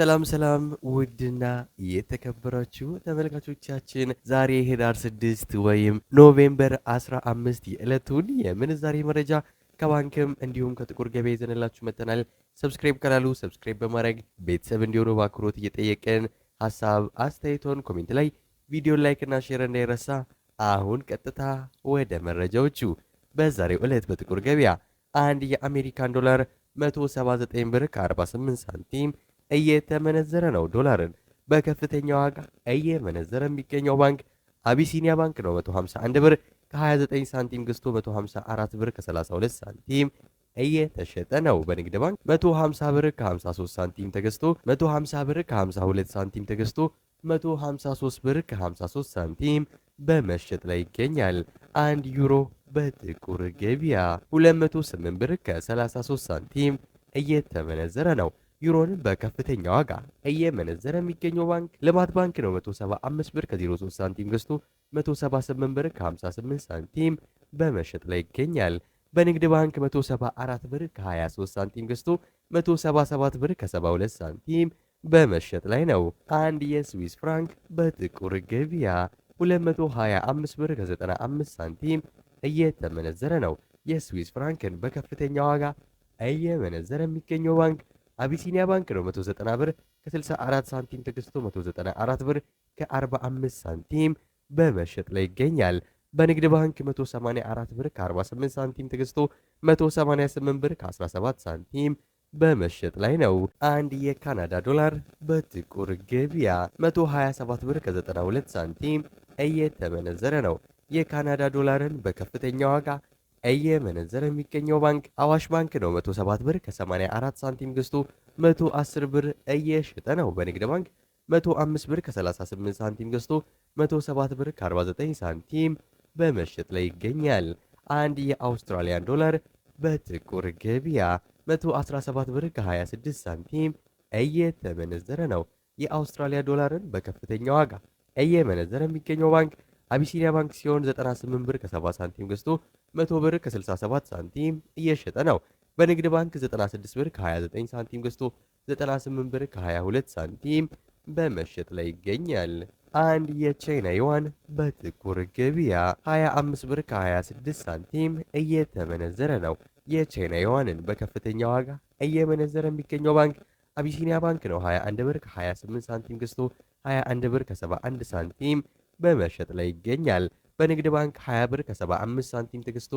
ሰላም ሰላም ውድና የተከበራችሁ ተመልካቾቻችን ዛሬ ህዳር 6 ወይም ኖቬምበር 15 የዕለቱን የምንዛሬ መረጃ ከባንክም እንዲሁም ከጥቁር ገበያ ይዘንላችሁ መጥተናል። ሰብስክራይብ ካላሉ ሰብስክራይብ በማድረግ ቤተሰብ እንዲሆኑ በአክብሮት እየጠየቀን ሀሳብ አስተያየቶን ኮሜንት ላይ ቪዲዮ ላይክ እና ሼር እንዳይረሳ። አሁን ቀጥታ ወደ መረጃዎቹ። በዛሬው ዕለት በጥቁር ገበያ አንድ የአሜሪካን ዶላር 179 ብር ከ48 ሳንቲም እየተመነዘረ ነው። ዶላርን በከፍተኛ ዋጋ እየመነዘረ የሚገኘው ባንክ አቢሲኒያ ባንክ ነው። 151 ብር ከ29 ሳንቲም ገዝቶ 154 ብር ከ32 ሳንቲም እየተሸጠ ነው። በንግድ ባንክ 150 ብር ከ53 ሳንቲም ተገዝቶ 150 ብር ከ52 ሳንቲም ተገዝቶ 153 ብር ከ53 ሳንቲም በመሸጥ ላይ ይገኛል። አንድ ዩሮ በጥቁር ገበያ 208 ብር ከ33 ሳንቲም እየተመነዘረ ነው። ዩሮንም በከፍተኛ ዋጋ እየመነዘረ የሚገኘው ባንክ ልማት ባንክ ነው። 175 ብር ከ03 ሳንቲም ገዝቶ 178 ብር ከ58 ሳንቲም በመሸጥ ላይ ይገኛል። በንግድ ባንክ 174 ብር ከ23 ሳንቲም ገዝቶ 177 ብር ከ72 ሳንቲም በመሸጥ ላይ ነው። አንድ የስዊስ ፍራንክ በጥቁር ገበያ 225 ብር ከ95 ሳንቲም እየተመነዘረ ነው። የስዊስ ፍራንክን በከፍተኛ ዋጋ እየመነዘረ የሚገኘው ባንክ አቢሲኒያ ባንክ ነው 190 ብር ከ64 ሳንቲም ተገዝቶ 194 ብር ከ45 ሳንቲም በመሸጥ ላይ ይገኛል። በንግድ ባንክ 184 ብር ከ48 ሳንቲም ተገዝቶ 188 ብር ከ17 ሳንቲም በመሸጥ ላይ ነው። አንድ የካናዳ ዶላር በጥቁር ገበያ 127 ብር ከ92 ሳንቲም እየተመነዘረ ነው። የካናዳ ዶላርን በከፍተኛ ዋጋ እየመነዘረ የሚገኘው ባንክ አዋሽ ባንክ ነው። 107 ብር ከ84 ሳንቲም ገዝቶ 110 ብር እየሸጠ ነው። በንግድ ባንክ 105 ብር ከ38 ሳንቲም ገዝቶ 107 ብር ከ49 ሳንቲም በመሸጥ ላይ ይገኛል። አንድ የአውስትራሊያን ዶላር በጥቁር ገበያ 117 ብር ከ26 ሳንቲም እየተመነዘረ ነው። የአውስትራሊያ ዶላርን በከፍተኛ ዋጋ እየመነዘረ የሚገኘው ባንክ አቢሲኒያ ባንክ ሲሆን 98 ብር ከ70 ሳንቲም ገዝቶ 100 ብር ከ67 ሳንቲም እየሸጠ ነው። በንግድ ባንክ 96 ብር ከ29 ሳንቲም ገዝቶ 98 ብር ከ22 ሳንቲም በመሸጥ ላይ ይገኛል። አንድ የቻይና ዩዋን በጥቁር ገበያ 25 ብር ከ26 ሳንቲም እየተመነዘረ ነው። የቻይና ዩዋንን በከፍተኛ ዋጋ እየመነዘረ የሚገኘው ባንክ አቢሲኒያ ባንክ ነው። 21 ብር ከ28 ሳንቲም ገዝቶ 21 ብር ከ71 ሳንቲም በመሸጥ ላይ ይገኛል። በንግድ ባንክ 20 ብር ከ75 ሳንቲም ተገዝቶ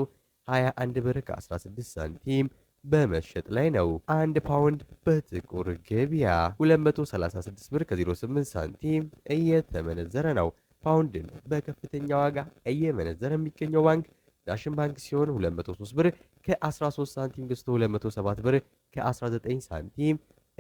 21 ብር ከ16 ሳንቲም በመሸጥ ላይ ነው። አንድ ፓውንድ በጥቁር ገበያ 236 ብር ከ08 ሳንቲም እየተመነዘረ ነው። ፓውንድን በከፍተኛ ዋጋ እየመነዘረ የሚገኘው ባንክ ዳሽን ባንክ ሲሆን 203 ብር ከ13 ሳንቲም ገዝቶ 207 ብር ከ19 ሳንቲም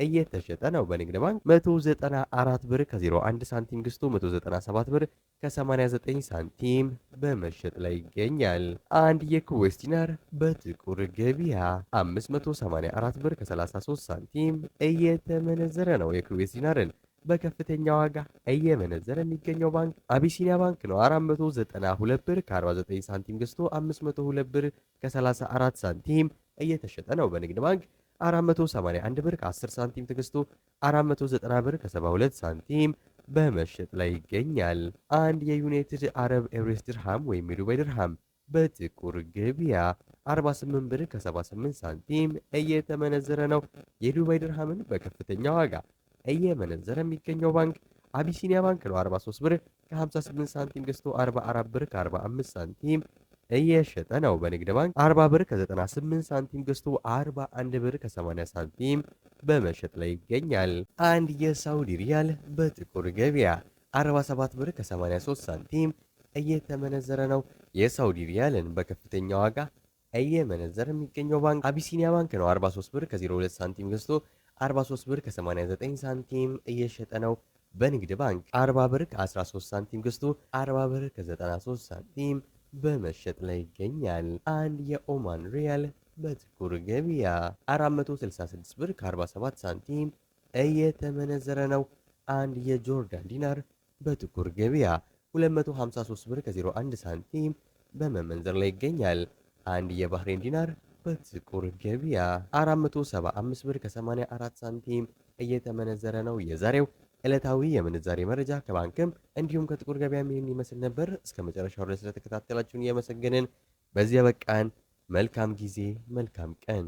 እየተሸጠ ነው። በንግድ ባንክ 194 ብር ከ01 ሳንቲም ገዝቶ 197 ብር ከ89 ሳንቲም በመሸጥ ላይ ይገኛል። አንድ የኩዌስ ዲናር በጥቁር ገበያ 584 ብር ከ33 ሳንቲም እየተመነዘረ ነው። የኩዌስ ዲናርን በከፍተኛ ዋጋ እየመነዘረ የሚገኘው ባንክ አቢሲኒያ ባንክ ነው። 492 ብር ከ49 ሳንቲም ገዝቶ 502 ብር ከ34 ሳንቲም እየተሸጠ ነው። በንግድ ባንክ 481 ብር ከ10 ሳንቲም ተገዝቶ 490 ብር ከ72 ሳንቲም በመሸጥ ላይ ይገኛል። አንድ የዩናይትድ አረብ ኤምሬትስ ድርሃም ወይም የዱባይ ድርሃም በጥቁር ገበያ 48 ብር ከ78 ሳንቲም እየተመነዘረ ነው። የዱባይ ድርሃምን በከፍተኛ ዋጋ እየመነዘረ የሚገኘው ባንክ አቢሲኒያ ባንክ ነው። 43 ብር ከ58 ሳንቲም ገዝቶ 44 ብር ከ45 ሳንቲም እየሸጠ ነው። በንግድ ባንክ 40 ብር ከ98 ሳንቲም ገዝቶ 41 ብር ከ80 ሳንቲም በመሸጥ ላይ ይገኛል። አንድ የሳውዲ ሪያል በጥቁር ገበያ 47 ብር ከ83 ሳንቲም እየተመነዘረ ነው። የሳውዲ ሪያልን በከፍተኛ ዋጋ እየመነዘረ የሚገኘው ባንክ አቢሲኒያ ባንክ ነው። 43 ብር ከ02 ሳንቲም ገዝቶ 43 ብር ከ89 ሳንቲም እየሸጠ ነው። በንግድ ባንክ 40 ብር ከ13 ሳንቲም ገዝቶ 40 ብር ከ93 ሳንቲም በመሸጥ ላይ ይገኛል። አንድ የኦማን ሪያል በጥቁር ገበያ 466 ብር ከ47 ሳንቲም እየተመነዘረ ነው። አንድ የጆርዳን ዲናር በጥቁር ገበያ 253 ብር ከ01 ሳንቲም በመመንዘር ላይ ይገኛል። አንድ የባህሬን ዲናር በጥቁር ገበያ 475 ብር ከ84 ሳንቲም እየተመነዘረ ነው። የዛሬው ዕለታዊ የምንዛሬ መረጃ ከባንክም እንዲሁም ከጥቁር ገበያ ይህን ይመስል ነበር። እስከ መጨረሻው ድረስ ስለተከታተላችሁን እያመሰገንን በዚያ በቃን። መልካም ጊዜ፣ መልካም ቀን